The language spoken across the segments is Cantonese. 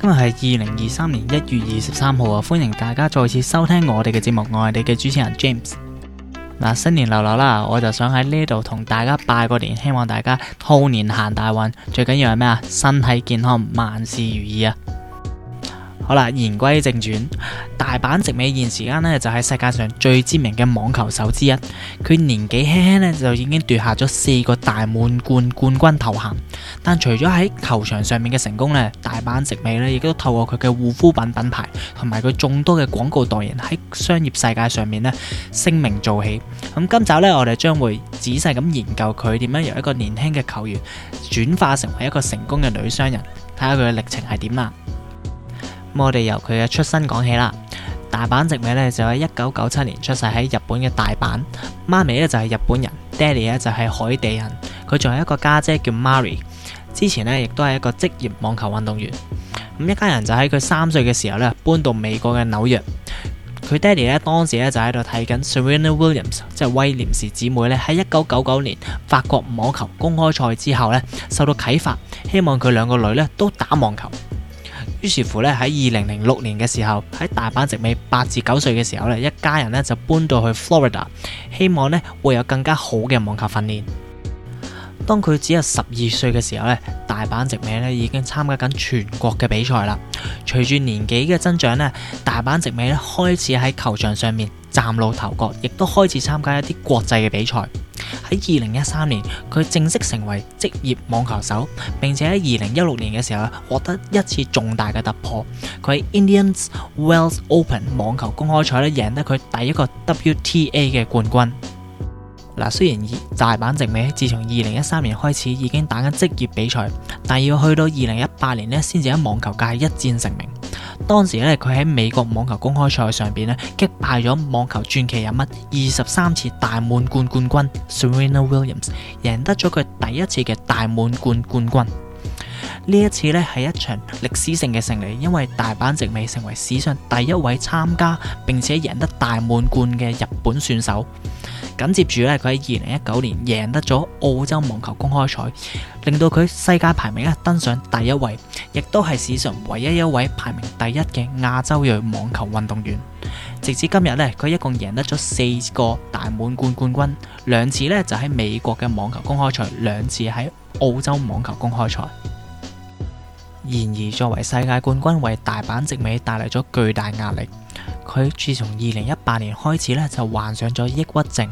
今日係二零二三年一月二十三號啊，歡迎大家再次收聽我哋嘅節目，我係你嘅主持人 James。新年流流啦，我就想喺呢度同大家拜個年，希望大家兔年行大運，最緊要係咩啊？身體健康，萬事如意啊！好啦，言歸正傳，大坂直美現時間呢，就係世界上最知名嘅網球手之一。佢年紀輕輕咧就已經奪下咗四個大滿貫冠軍頭銜。但除咗喺球場上面嘅成功呢，大坂直美呢，亦都透過佢嘅護膚品品牌同埋佢眾多嘅廣告代言喺商業世界上面呢，聲名鵲起。咁今集呢，我哋將會仔細咁研究佢點樣由一個年輕嘅球員轉化成為一個成功嘅女商人，睇下佢嘅歷程係點啦。我哋由佢嘅出身講起啦。大坂直美咧就喺一九九七年出世喺日本嘅大阪。媽咪咧就係日本人，爹哋咧就係海地人。佢仲有一個家姐，姐叫 Mari，之前咧亦都係一個職業網球運動員。咁一家人就喺佢三歲嘅時候咧搬到美國嘅紐約。佢爹哋咧當時咧就喺度睇緊 Serena Williams，即係威廉士姊妹咧喺一九九九年法國網球公開賽之後咧受到啟發，希望佢兩個女咧都打網球。於是乎咧，喺二零零六年嘅時候，喺大坂直美八至九歲嘅時候咧，一家人咧就搬到去 Florida，希望咧會有更加好嘅網球訓練。當佢只有十二歲嘅時候咧，大坂直美咧已經參加緊全國嘅比賽啦。隨住年紀嘅增長咧，大坂直美咧開始喺球場上面嶄露頭角，亦都開始參加一啲國際嘅比賽。喺二零一三年，佢正式成為職業網球手，並且喺二零一六年嘅時候啊，獲得一次重大嘅突破。佢喺 Indian Wells Open 網球公開賽咧，贏得佢第一個 WTA 嘅冠軍。嗱，雖然大坂直美，自從二零一三年開始已經打緊職業比賽，但要去到二零一八年咧，先至喺網球界一戰成名。當時咧，佢喺美國網球公開賽上邊咧擊敗咗網球傳奇人物、二十三次大滿貫冠軍 Serena Williams，贏得咗佢第一次嘅大滿貫冠軍。呢一次咧係一場歷史性嘅勝利，因為大坂直美成為史上第一位參加並且贏得大滿貫嘅日本選手。緊接住咧，佢喺二零一九年贏得咗澳洲網球公開賽，令到佢世界排名咧登上第一位，亦都係史上唯一一位排名第一嘅亞洲裔網球運動員。直至今日咧，佢一共贏得咗四個大滿貫冠軍，兩次咧就喺美國嘅網球公開賽，兩次喺澳洲網球公開賽。然而，作為世界冠軍，為大坂直美帶來咗巨大壓力。佢自從二零一八年開始咧，就患上咗抑鬱症。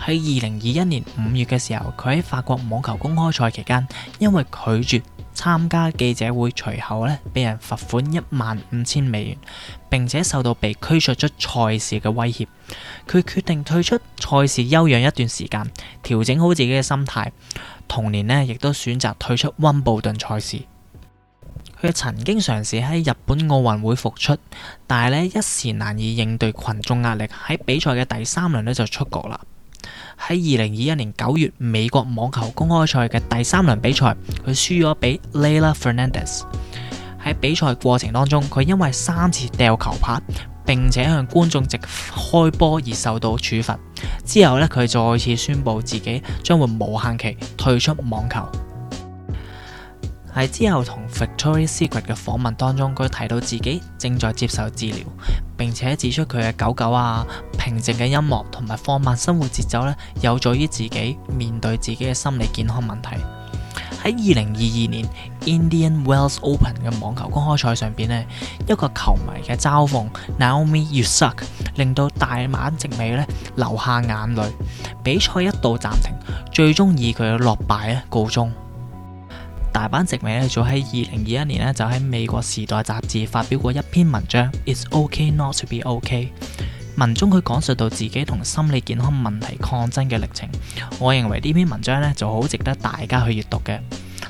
喺二零二一年五月嘅時候，佢喺法國網球公開賽期間，因為拒絕參加記者會，隨後呢，被人罰款一萬五千美元，並且受到被驅逐出賽事嘅威脅。佢決定退出賽事休養一段時間，調整好自己嘅心態。同年呢，亦都選擇退出温布頓賽事。佢曾經嘗試喺日本奧運會復出，但係呢一時難以應對群眾壓力，喺比賽嘅第三輪呢，就出局啦。喺二零二一年九月，美國網球公開賽嘅第三輪比賽，佢輸咗俾 Lela Fernandez。喺比賽過程當中，佢因為三次掉球拍，並且向觀眾席開波而受到處罰。之後呢，佢再次宣布自己將會無限期退出網球。喺之後同 Victoria Secret 嘅訪問當中，佢提到自己正在接受治療，並且指出佢嘅狗狗啊、平靜嘅音樂同埋放慢生活節奏咧，有助於自己面對自己嘅心理健康問題。喺二零二二年 Indian Wells Open 嘅網球公開賽上邊，呢一個球迷嘅嘲諷 “Naomi, you suck”，令到大坂直美咧流下眼淚，比賽一度暫停，最終以佢嘅落敗咧告終。大坂直美咧，早喺二零二一年咧，就喺《美國時代雜誌》發表過一篇文章，It's OK not to be OK。文中佢講述到自己同心理健康問題抗爭嘅歷程。我認為呢篇文章咧，就好值得大家去閱讀嘅。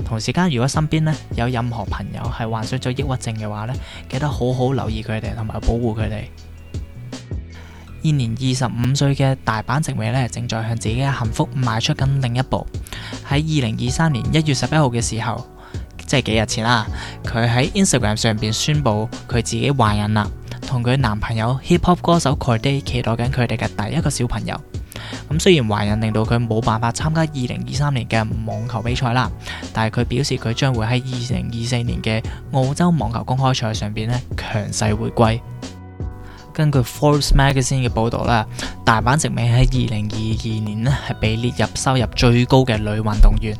同時間，如果身邊咧有任何朋友係患上咗抑鬱症嘅話咧，記得好好留意佢哋，同埋保護佢哋。現年二十五歲嘅大阪直美咧，正在向自己嘅幸福邁出緊另一步。喺二零二三年一月十一號嘅時候，即係幾日前啦，佢喺 Instagram 上邊宣布佢自己懷孕啦，同佢男朋友 hip hop 歌手 Cordae 期待緊佢哋嘅第一個小朋友。咁雖然懷孕令到佢冇辦法參加二零二三年嘅網球比賽啦，但係佢表示佢將會喺二零二四年嘅澳洲網球公開賽上邊咧強勢回歸。根據《Forbes Magazine》嘅報導啦，大坂直美喺二零二二年咧係被列入收入最高嘅女運動員，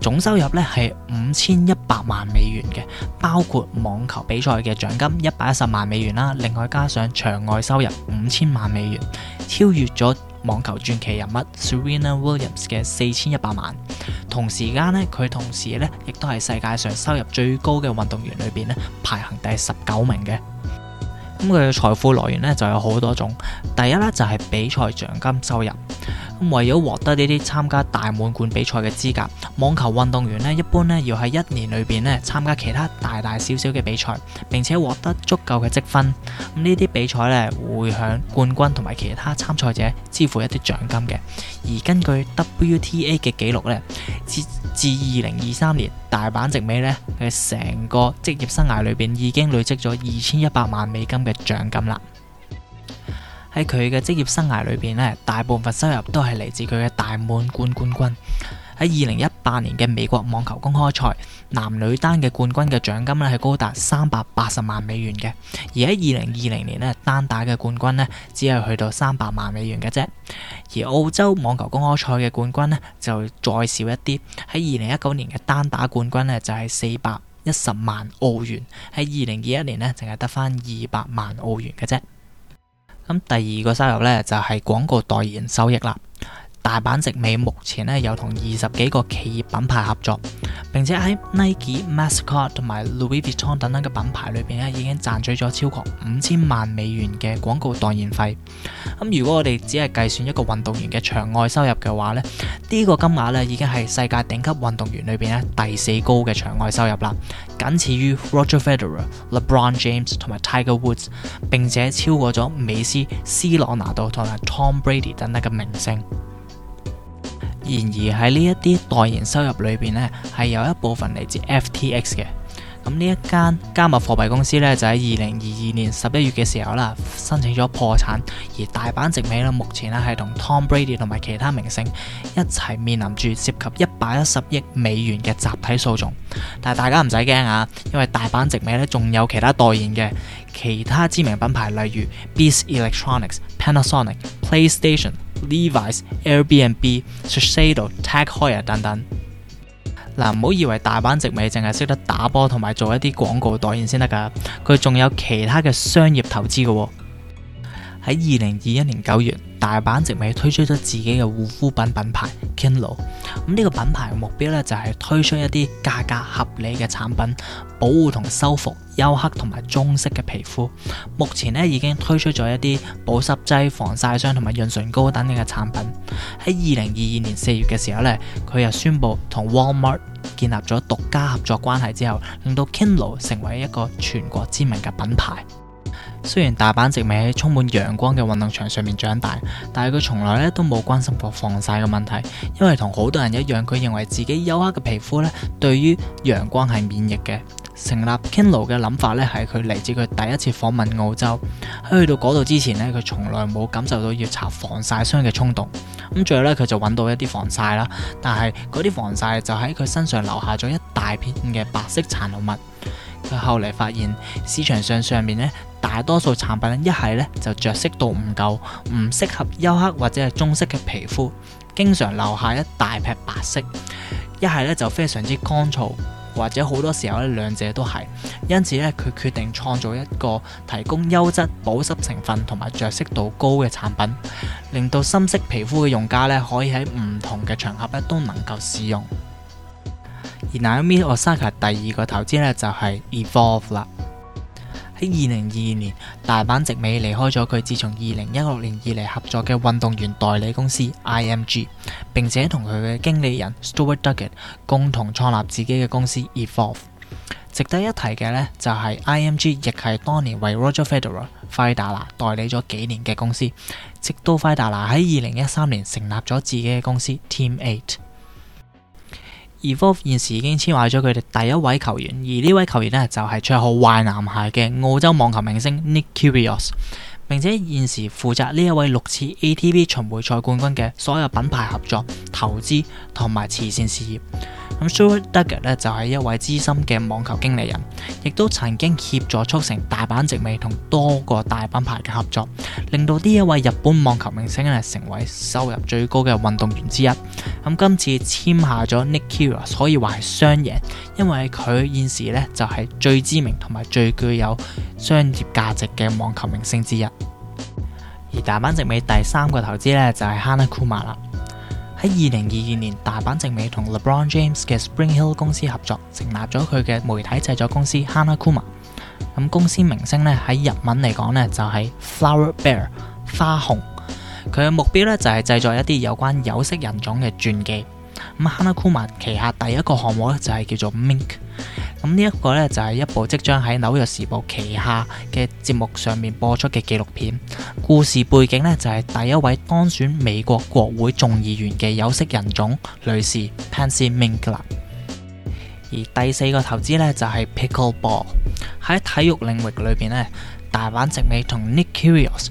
總收入咧係五千一百萬美元嘅，包括網球比賽嘅獎金一百一十萬美元啦，另外加上場外收入五千萬美元，超越咗網球傳奇人物 Serena Williams 嘅四千一百萬。同時間咧，佢同時咧亦都係世界上收入最高嘅運動員裏邊咧排行第十九名嘅。咁佢嘅財富來源咧就有好多種。第一咧就係比賽獎金收入。咁為咗獲得呢啲參加大滿貫比賽嘅資格，網球運動員咧一般咧要喺一年裏邊咧參加其他大大小小嘅比賽，並且獲得足夠嘅積分。咁呢啲比賽咧會向冠軍同埋其他參賽者支付一啲獎金嘅。而根據 WTA 嘅記錄咧，至二零二三年，大坂直美呢，佢成個職業生涯裏邊已經累積咗二千一百萬美金嘅獎金啦。喺佢嘅職業生涯裏邊咧，大部分收入都係嚟自佢嘅大滿貫冠軍。喺二零一八年嘅美國網球公開賽男女單嘅冠軍嘅獎金咧，係高達三百八十萬美元嘅，而喺二零二零年呢，單打嘅冠軍呢，只係去到三百萬美元嘅啫。而澳洲網球公開賽嘅冠軍呢，就再少一啲。喺二零一九年嘅單打冠軍呢，就係四百一十萬澳元，喺二零二一年呢，淨係得返二百萬澳元嘅啫。咁第二個收入呢，就係廣告代言收益啦。大坂直美目前咧有同二十幾個企業品牌合作，並且喺 Nike、Mastercard 同埋 Louis Vuitton 等等嘅品牌裏邊咧已經賺取咗超過五千萬美元嘅廣告代言費。咁、嗯、如果我哋只係計算一個運動員嘅場外收入嘅話咧，呢、這個金額咧已經係世界頂級運動員裏邊咧第四高嘅場外收入啦，僅次於 Roger Federer、LeBron James 同埋 Tiger Woods，並且超過咗美斯、C 朗拿度同埋 Tom Brady 等等嘅明星。然而喺呢一啲代言收入裏邊呢，係有一部分嚟自 FTX 嘅。咁呢一間加密貨幣公司呢，就喺二零二二年十一月嘅時候啦，申請咗破產。而大坂直美呢，目前呢係同 Tom Brady 同埋其他明星一齊面臨住涉及一百一十億美元嘅集體訴訟。但係大家唔使驚啊，因為大坂直美呢仲有其他代言嘅其他知名品牌，例如 Beats Electronics、Panasonic、PlayStation。Levi's、Lev ice, Airbnb、Shiseido、Tag Heuer 等等，嗱、啊，唔好以為大阪直美淨係識得打波同埋做一啲廣告代言先得㗎，佢仲有其他嘅商業投資嘅喎、哦。喺二零二一年九月，大坂直美推出咗自己嘅護膚品品牌 KINLO，咁呢個品牌嘅目標咧就係推出一啲價格合理嘅產品，保護同修復黝黑同埋棕色嘅皮膚。目前咧已經推出咗一啲保濕劑、防曬霜同埋潤唇膏等嘅產品。喺二零二二年四月嘅時候咧，佢又宣布同 Walmart 建立咗獨家合作關係之後，令到 KINLO 成為一個全國知名嘅品牌。雖然大阪直美喺充滿陽光嘅運動場上面長大，但係佢從來咧都冇關心過防曬嘅問題，因為同好多人一樣，佢認為自己黝黑嘅皮膚咧對於陽光係免疫嘅。成立 Kino 嘅諗法咧係佢嚟自佢第一次訪問澳洲，喺去到嗰度之前咧佢從來冇感受到要搽防曬霜嘅衝動。咁最後咧佢就揾到一啲防曬啦，但係嗰啲防曬就喺佢身上留下咗一大片嘅白色殘留物。佢後嚟發現市場上上面呢，大多數產品一係呢就着色度唔夠，唔適合黝黑或者係棕色嘅皮膚，經常留下一大撇白色；一係呢就非常之乾燥，或者好多時候呢兩者都係。因此呢，佢決定創造一個提供優質保濕成分同埋着色度高嘅產品，令到深色皮膚嘅用家呢可以喺唔同嘅場合咧都能夠使用。而 Naomi Osaka 第二個投資咧就係 Evolve 啦。喺二零二二年，大坂直美離開咗佢自從二零一六年以嚟合作嘅運動員代理公司 IMG，並且同佢嘅經理人 Stewart Dugan 共同創立自己嘅公司 Evolve。值得一提嘅呢，就係、是、IMG 亦係當年為 Roger Federer、費達拿啦代理咗幾年嘅公司，直到費達拿喺二零一三年成立咗自己嘅公司 Team Eight。Evolve 現時已經簽下咗佢哋第一位球員，而呢位球員呢，就係、是、最酷壞男孩嘅澳洲網球明星 Nick Kyrgios，並且現時負責呢一位六次 ATP 巡迴賽冠軍嘅所有品牌合作、投資同埋慈善事業。咁 Shu、sure、Dugger 咧就係一位資深嘅網球經理人，亦都曾經協助促成大坂直美同多個大品牌嘅合作，令到呢一位日本網球明星咧成為收入最高嘅運動員之一。咁今次簽下咗 Nick Kyrgios，可以話係雙贏，因為佢現時咧就係最知名同埋最具有商業價值嘅網球明星之一。而大坂直美第三個投資咧就係 Hana Kuma 啦。喺二零二二年，大坂直美同 LeBron James 嘅 Spring Hill 公司合作，成立咗佢嘅媒體製作公司 HanaKuma。咁、嗯、公司名稱咧喺日文嚟講咧就係、是、Flower Bear 花熊。佢嘅目標咧就係、是、製作一啲有關有色人種嘅傳記。咁 HanaKuma 旗下第一個項目咧就係、是、叫做 Mink。咁呢一個呢，就係一部即將喺紐約時報旗下嘅節目上面播出嘅紀錄片，故事背景呢，就係第一位當選美國國會眾議員嘅有色人種女士 Patsy Mink。而第四個投資呢，就係 Pickleball。喺體育領域裏邊呢，大坂直美同 Nick Kyrgios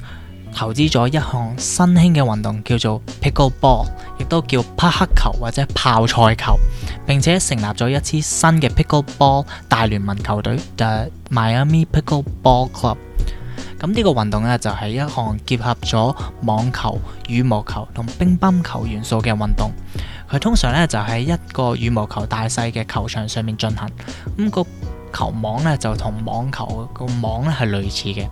投資咗一項新興嘅運動叫做 pickleball，亦都叫匹克球或者泡菜球，並且成立咗一支新嘅 pickleball 大聯盟球隊，就係 Miami Pickleball Club。咁呢個運動呢，就係、是、一項結合咗網球、羽毛球同乒乓球元素嘅運動。佢通常呢，就喺一個羽毛球大細嘅球場上面進行。咁、那個。球網咧就同網球個網咧係類似嘅，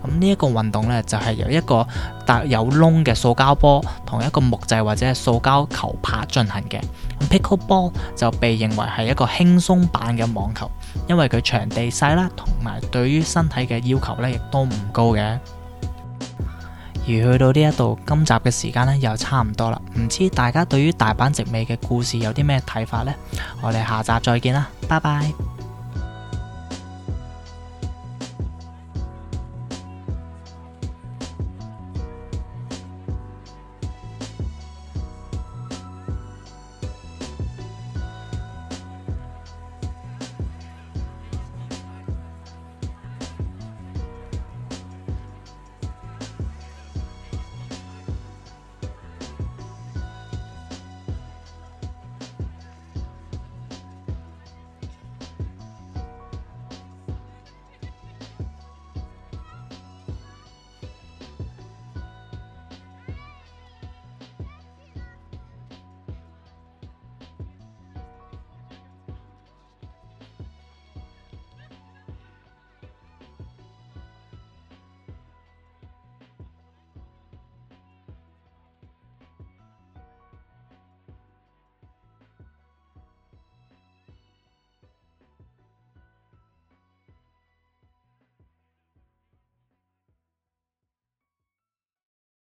咁呢一個運動咧就係由一個帶有窿嘅塑膠波同一個木製或者係塑膠球拍進行嘅。Pickleball 就被認為係一個輕鬆版嘅網球，因為佢場地細啦，同埋對於身體嘅要求咧亦都唔高嘅。而去到呢一度，今集嘅時間咧又差唔多啦。唔知大家對於大坂直美嘅故事有啲咩睇法呢？我哋下集再見啦，拜拜。